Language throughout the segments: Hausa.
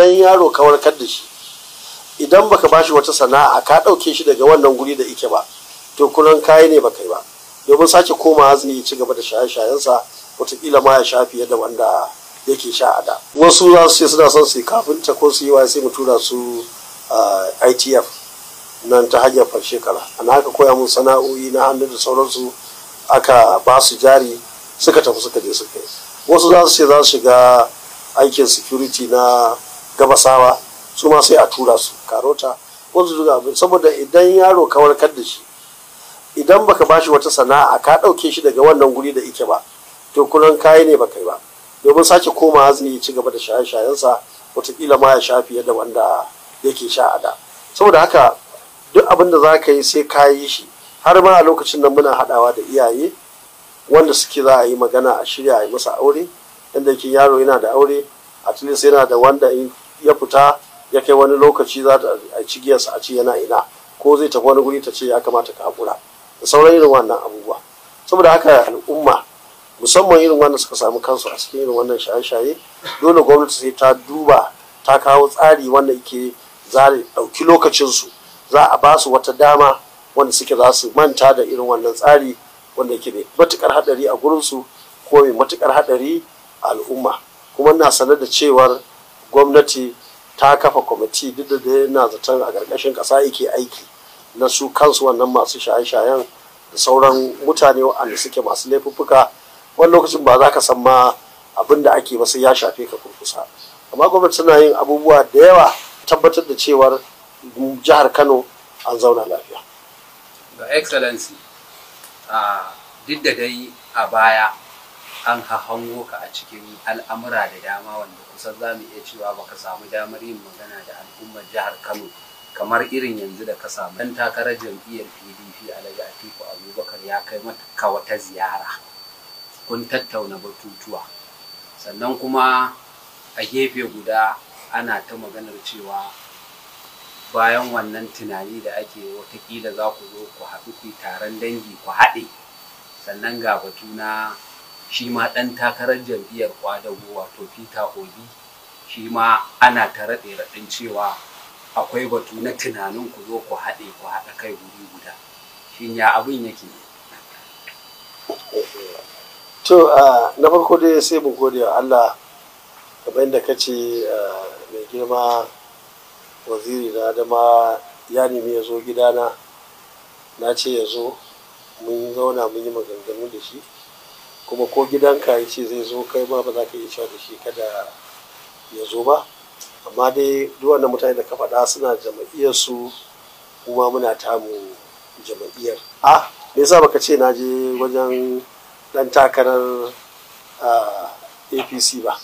idan yaro ka warkar da shi idan baka bashi wata sana'a ka ɗauke shi daga wannan guri da ike ba to kunan kayi ne baka yi ba domin sake koma zai yi ci gaba da shaye-shayensa wataƙila ma ya sha fiye da wanda yake sha a da wasu za su ce suna son su yi kafinta ko su yi wa sai mu tura su itf nan ta hanyar far shekara ana aka koya mun sana'o'i na hannu da sauransu aka ba su jari suka tafi suka je suka yi wasu za su ce za su shiga aikin security na gabasawa su ma sai a tura su karota wasu zuga abin saboda idan yaro kawar warkar da shi idan baka bashi wata sana'a ka ɗauke shi daga wannan guri da ike ba to kuran kayi ne baka yi ba domin sake komawa zai ci gaba da shaye-shayensa shayen watakila ma ya sha fiye da wanda yake sha a da saboda haka duk abin da za ka yi sai ka yi shi har ma a lokacin nan muna haɗawa da iyaye wanda suke za a yi magana a shirya a yi masa aure inda yake yaro yana da aure a least yana da wanda ya fita ya kai wani lokaci za ta a ci a ce yana ina ko zai tafi wani guri ta ce ya kamata ka haƙura da sauran irin wannan abubuwa saboda haka al'umma musamman irin wannan suka samu kansu a cikin irin wannan shaye-shaye dole gwamnati sai ta duba ta kawo tsari wanda ke za a ɗauki lokacinsu za a ba su wata dama wanda suke za su manta da irin wannan tsari wanda ke da matuƙar haɗari a gurinsu ko mai matukar haɗari a al'umma kuma na sanar da cewar gwamnati ta kafa kwamiti duk da dai na zaton a ƙarƙashin ƙasa yake aiki na su kansu wannan masu shaye-shayen da sauran mutane waɗanda suke masu laifuffuka wani lokacin ba za ka san ma abin da ake ba sai ya shafe ka kurkusa amma gwamnati tana yin abubuwa da yawa tabbatar da cewar jihar kano an zauna lafiya ga excellency ah, duk da dai a baya an hango ka a cikin al'amura da dama wanda kusan za mu iya cewa baka samu damar yin magana da al'ummar jihar kano kamar irin yanzu da ka samu dan takarar jam'iyyar pdp alhaji atiku abubakar ya kai maka wata ziyara kun tattauna batutuwa sannan kuma a gefe guda ana ta maganar cewa bayan wannan tunani da ake watakila za ku zo ku haɗu ku taron dangi ku haɗe sannan ga batu na shi ma ɗan takarar jam'iyyar kwadago wato peter obi shi ma ana ta raɗe raɗin cewa akwai batu na tunanin ku zo ku haɗe ku haɗa kai guri guda shin ya abin yake to na farko dai sai mu gode wa allah kamar yadda ka ce mai girma waziri na dama ya nemi ya zo gidana na ce ya zo mun zauna mun yi maganganu da shi kuma ko gidanka ya ce zai zo kai ma ba za ka iya cewa da shi kada ya zo ba amma dai duk wannan mutane da ka faɗa suna jama'iyyar su kuma muna tamu jama'iyyar a me yasa baka ce na je wajen dan takarar apc ba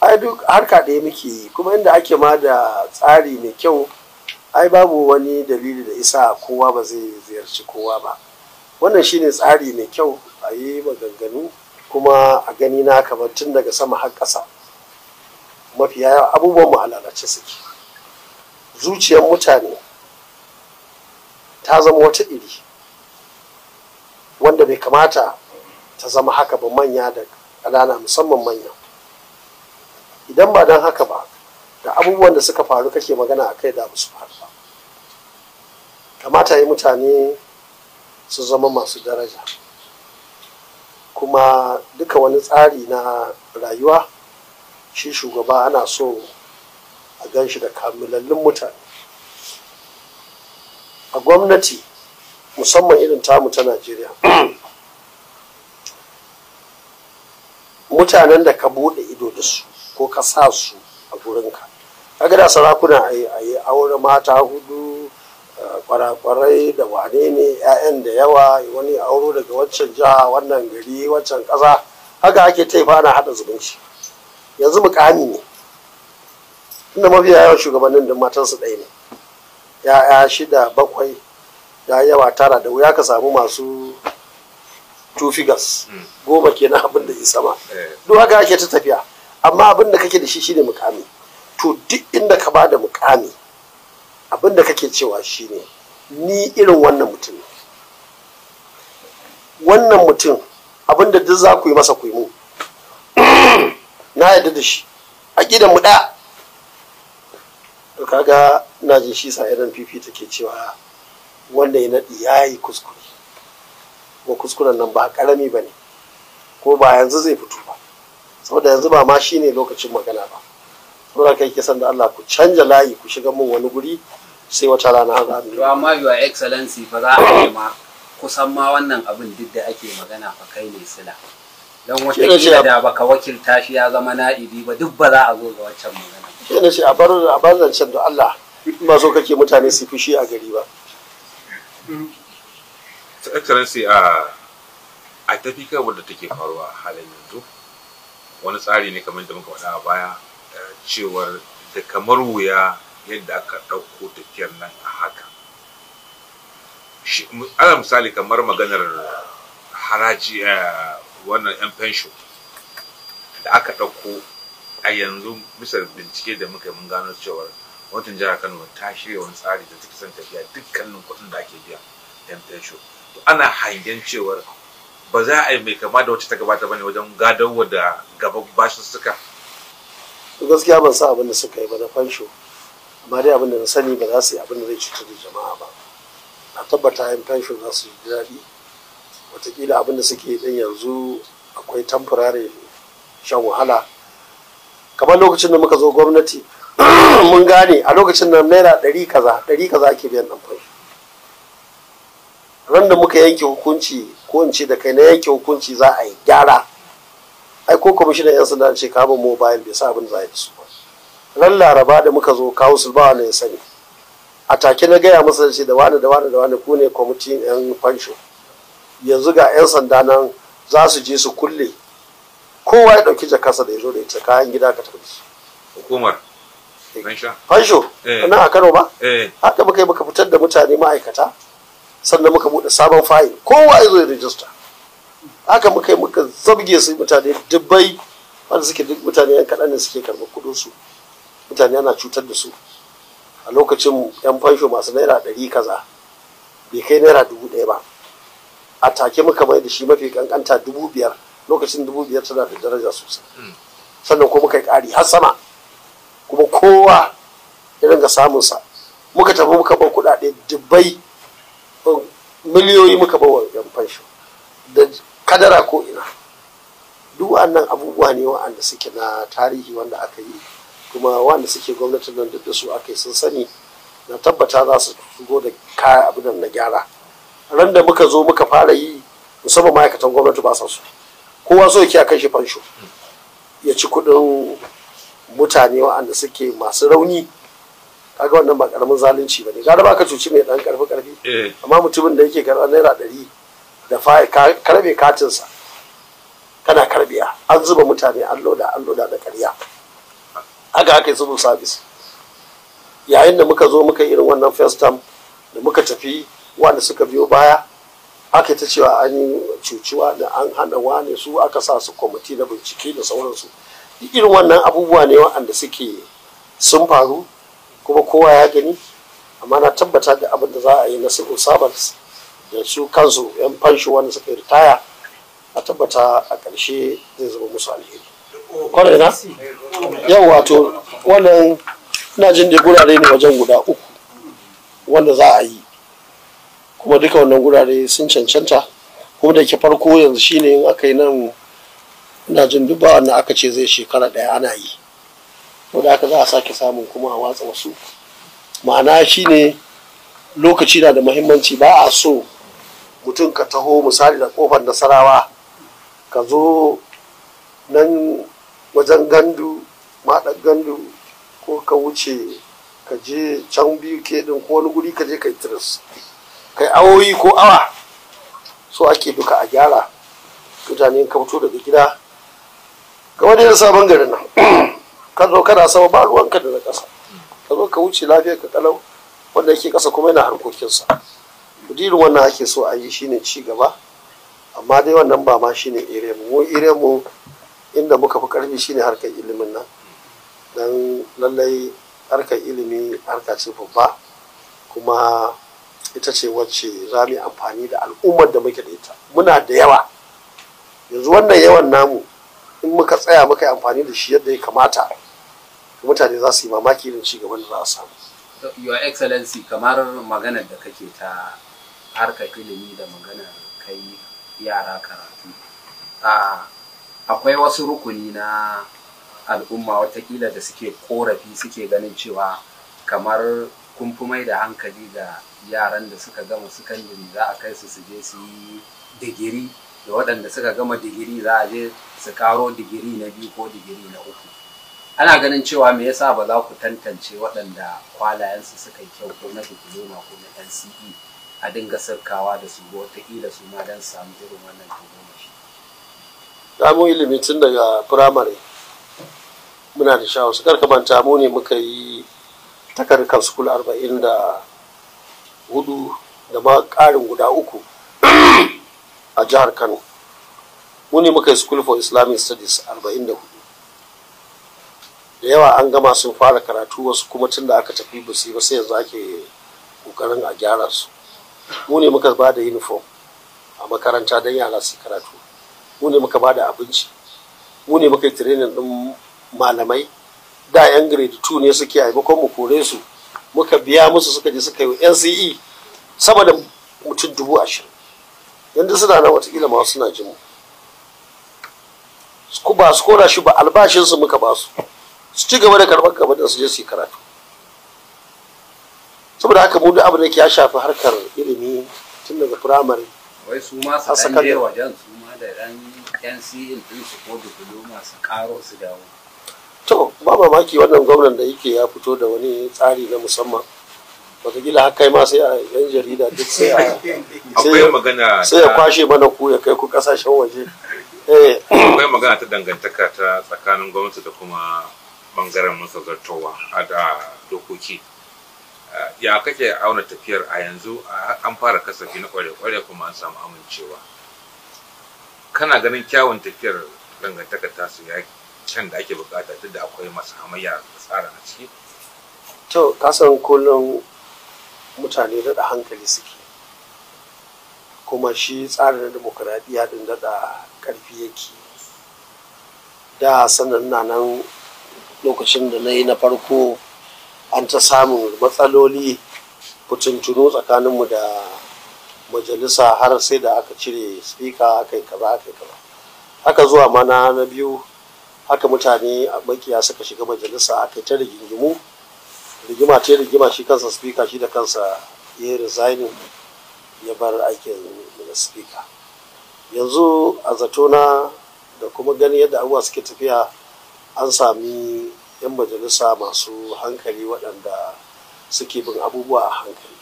ai duk harka ɗaya muke yi kuma inda ake ma da tsari mai kyau ai babu wani dalili da isa kowa ba zai ziyarci kowa ba wannan shine tsari mai kyau a yi maganganu kuma a gani na kamar tun daga sama har ƙasa mafiya yawa abubuwan mu a suke zuciyar mutane ta zama wata iri wanda bai kamata ta zama haka ba manya da ƙanana musamman manya idan ba don haka ba da abubuwan da suka faru kake magana a kai da su faru ba kamata yi mutane su zama masu daraja kuma duka wani tsari na rayuwa shi shugaba ana so a gan shi da kamilallin mutane a gwamnati musamman irin tamu ta najeriya mutanen da ka buɗe ido da su ko ka sa su a gurinka a gada sarakuna a yi aure mata hudu kwarakwarai da wane ne 'ya'yan da yawa wani auro daga waccan jiha wannan gari waccan ƙasa haka ake taifa ana haɗa zumunci yanzu mukami ne tunda mafi yawan shugabannin da matansu ɗaya ne ya'ya shida bakwai da yawa tara da wuya ka samu masu two figures hmm. goma kenan abin da isa ma eh. duk haka ake ta tafiya amma abin da kake da shi shine mukami to duk inda ka ba da mukami abin da kake cewa shine ni irin wannan mutum wannan mutum abinda duk za ku yi masa kuimu na yadda da shi a gidan mu ɗaya kaga na jin shi sa irin fifi ke cewa wanda ya naɗi ya yi kuskure ko kuskuren nan ba ƙarami ba ne ko ba yanzu zai fito ba saboda yanzu ba ma shi ne lokacin magana ba saboda kai kisan da Allah ku canja layi ku shiga mun wani guri sai wata rana A to amma your excellency fa za a yi ma kusan ma wannan abin duk da ake magana fa kai ne sila don wata da baka wakilta shi ya zama na'ibi ba duk ba za a zo ga waccan magana shi ne shi a bar a bar zancen da Allah ba so kake mutane su fushi a gari ba excellency a a tafi kawai da take faruwa halin yanzu wani tsari ne kamar da muka faɗa a baya eh, cewar da kamar wuya yadda aka ɗauko tafiyar nan a haka ala misali kamar maganar haraji eh, wannan 'yan fensho da aka ɗauko a yanzu bisa bincike da muka mun gano cewar watan jihar kano ta shirya wani tsari da take son tafiya dukkanin kuɗin da ake biya 'yan fensho to ana hangen cewar ba za a yi mai kama da wacce ta gabata bane wajen gadon da gaban bashin suka gaskiya ban sa abin da suka yi ba da fansho ba dai abin da na sani ba za su yi abin da zai cutar da jama'a ba a tabbata yin fenshon za su ji daɗi watakila abin da suke ɗin yanzu akwai tamfurare shan wahala kamar lokacin da muka zo gwamnati mun gane a lokacin da naira ɗari kaza ɗari kaza ake biyan ɗan fashi ran da muka yanke hukunci ko in ce da kai na yanke hukunci za a yi gyara ai ko kwamishinan yan sanda ce kama mobile bai sa abin za a yi su ran laraba da muka zo kawo su ba ya sani a take na gaya masa da ce da wani da wani da wani ku ne kwamitin yan fansho yanzu ga yan sanda nan za su je su kulle kowa ya ɗauki jakasa da ya zo da ita kayan gida ka tafi hukumar eh, fansho eh. nan a kano ba eh. haka muka yi muka fitar da mutane ma'aikata sannan muka buɗe sabon fayil kowa ya zo ya rijista haka muka yi muka zabge su mutane dubbai wanda suke duk mutane yan kaɗan ne suke karɓar kuɗinsu su mutane ana cutar da su a lokacin yan fansho masu naira ɗari kaza bai kai naira dubu ɗaya ba a take muka mai da shi mafi kankanta dubu biyar lokacin dubu biyar tana da daraja sosai hmm. sannan ko muka yi ƙari har sama kuma kowa ya dinga samunsa muka tafi muka bar kuɗaɗe dubbai um, miliyoyi muka bar wa yan fansho da kadara ko ina duk wannan abubuwa ne wa'anda suke na tarihi wanda aka yi kuma wanda suke gwamnatin nan duk da su aka sun sani na tabbata za su shigo da kaya abin nan na gyara ran da muka zo muka fara yi musamman ma'aikatan gwamnati ba su kowa so yake a kan shi fansho ya ci kuɗin mutane waɗanda suke masu rauni kaga wannan ba karamin zalunci ba ne gara ba ka cuci mai dan karfi karfi eh. amma mutumin da yake karɓar naira ɗari da fa karbe katinsa kana karbiya an zuba mutane an loda an loda da ƙarya haka aka yi civil service yayin da muka zo muka irin wannan first term da muka tafi wanda suka biyo baya aka ta cewa an yi cuciwa da an hana wane su aka sa su kwamiti na bincike da sauransu irin wannan abubuwa ne waɗanda suke sun faru kuma kowa ya gani amma na tabbata da abin da za a yi na civil service da su kansu 'yan fanshi wanda suka ritaya a tabbata a ƙarshe zai zama musu alheri kwarai na yau wato wannan ina jin da gurare ne wajen guda uku wanda za a yi kuma duka wannan gurare sun cancanta kuma da ke farko yanzu shine in aka yi nan ina jin duk wannan aka ce zai shekara ɗaya ana yi to aka za a sake samun kuma a watsa wasu ma'ana shine lokaci na da muhimmanci ba a so mutum ka taho misali da kofar nasarawa ka zo nan wajen gandu maɗa gandu ko ka wuce ka je can biyu ke ɗin ko wani guri ka je ka yi tiris kai awoyi ko awa so ake duka a gyara mutane ka fito daga gida kamar da yin sabon garin nan ka zo kana sama ba ruwanka da na ƙasa ka zo ka wuce lafiyar ka kalau wanda yake ƙasa kuma yana harkokinsa dirin wannan ake so a yi shine ci gaba amma dai wannan ba ma shine ne mu inda muka fi karfi shine harkar ilimin nan don lallai harkar ilimi harka ce babba kuma ita ce wacce za mu yi amfani da al'ummar da muke da ita muna da yawa yanzu wannan yawan namu in muka tsaya muka yi amfani da shi yadda ya kamata mutane za su yi mamaki irin ci gaban da za a samu your excellency kamar maganar da kake ta harkar ilimi da maganar kai yara karatu ah, akwai wasu rukuni na al'umma watakila da suke korafi suke ganin cewa kamar kun fi mai da hankali ga yaran da suka gama sakandare za a kai su su je su yi digiri da waɗanda suka gama digiri za a je su karo digiri na biyu ko digiri na uku ana ganin cewa me yasa ba za ku tantance waɗanda kwalayensu suka yi kyau ko na diploma ko na nce a dinga sirkawa da su watakila su ma don samu irin wannan shi. mu ilimi tun daga firamare muna da sha wasu karkamanta mu ne muka yi takarkar school arba'in da hudu da ma karin guda uku a jihar kano mu ne muka yi school for islamic studies arba'in da hudu da yawa an gama sun fara karatu wasu kuma tun da aka tafi busi ba sai yanzu ake kokarin a gyara su mu ne muka ba da uniform a makaranta don yara su karatu mu ne muka bada abinci mu ne muka yi training din malamai da yan grade 2 ne suke aibakon mu kore su muka biya musu suka je suka yi NCE sama da mutum dubu ashirin yanzu suna nan watakila ma suna jin mu ba su kora shi ba albashinsu muka ba su su ci gaba da karɓar gaba da su je su yi karatu saboda haka mu duk abin da ke ya shafi harkar ilimi tun daga firamare a sakandare To, ba mamaki wannan gwamnan da yake ya fito da wani tsari na musamman. Wataƙila haka kai ma sai a yan jarida duk sai a sai ya kwashe mana ku ya kai ku ƙasashen waje. Eh. Akwai magana ta dangantaka ta tsakanin gwamnati da kuma bangaren masazartowa a da dokoki. Eh, ya kake auna tafiyar a yanzu an fara kasafi na kwarewa kuma an samu amincewa kana ganin kyawun tafiyar ta su yaki can da ake bukata duk da akwai masu hamayya tsara a ciki to kasan kullum mutane daɗa hankali suke kuma shi tsarin demokuraɗiyya ɗin da ƙarfi yake da sanan na lokacin da na yi na farko an ta samun matsaloli fitintunu tsakaninmu da majalisa har sai da aka cire spika aka yi kaza aka yi kaza haka zuwa mana na biyu haka mutane a makiya suka shiga majalisa aka yi ta rigingimu rigima ta rigima shi kansa spika shi da kansa ya resigning ya bar aikin spika yanzu a zatona da kuma gani yadda abubuwa suke tafiya an sami 'yan majalisa masu hankali waɗanda suke bin abubuwa a hankali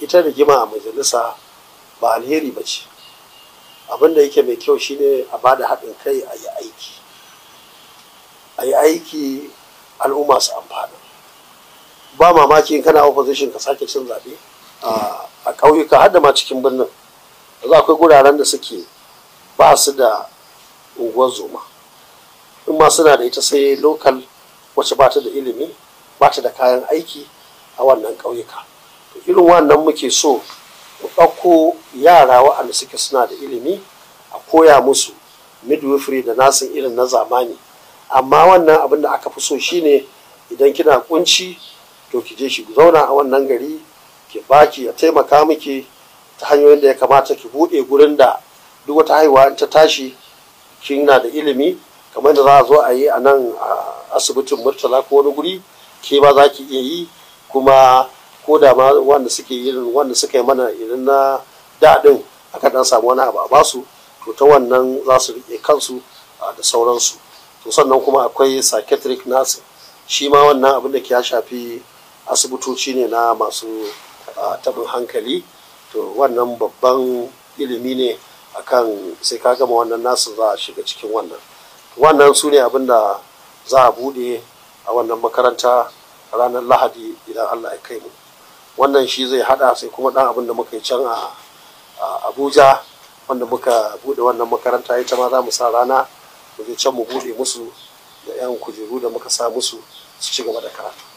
ita rigima a majalisa ba alheri ba ce abin da yake mai kyau shine a ba da haɗin kai a yi aiki a yi aiki al'umma su amfana ba mamaki in kana opposition ka sake cin zaɓe a ƙauyuka har da ma cikin birnin za akwai guraren da suke ba su da unguwar zoma in ma suna da ita sai lokal wacce ba ta da ilimi ba ta da kayan aiki a wannan ƙauyuka irin wannan muke so mu ɗauko yara wa'anda suke suna da ilimi a koya musu midwifery da nasin irin na zamani amma wannan abin da aka fi so shine idan kina kunci to ki je shi zauna a wannan gari ki baki ya taimaka miki ta hanyoyin da ya kamata ki buɗe gurin da duk wata haihuwa ta tashi kina da ilimi kamar da za a zo a yi a nan asibitin murtala ko wani guri ke ba za ki iya yi kuma ko da ma wanda suke irin wanda suka yi mana irin na daɗin aka dan samu wani abu a basu to ta wannan za su riƙe kansu da sauransu to sannan kuma akwai psychiatric nursing shi ma wannan abin da ke ya shafi asibitoci ne na masu taɓin hankali to wannan babban ilimi ne akan sai ka gama wannan nasu za a shiga cikin wannan wannan su ne abin da za a bude a wannan makaranta ranar lahadi idan allah ya kai mu wannan shi zai hada sai kuma dan abin da muka yi can a abuja wanda muka bude wannan makaranta ita ma za mu sa rana mu je can mu bude musu da 'yan kujeru da muka sa musu su ci gaba da karatu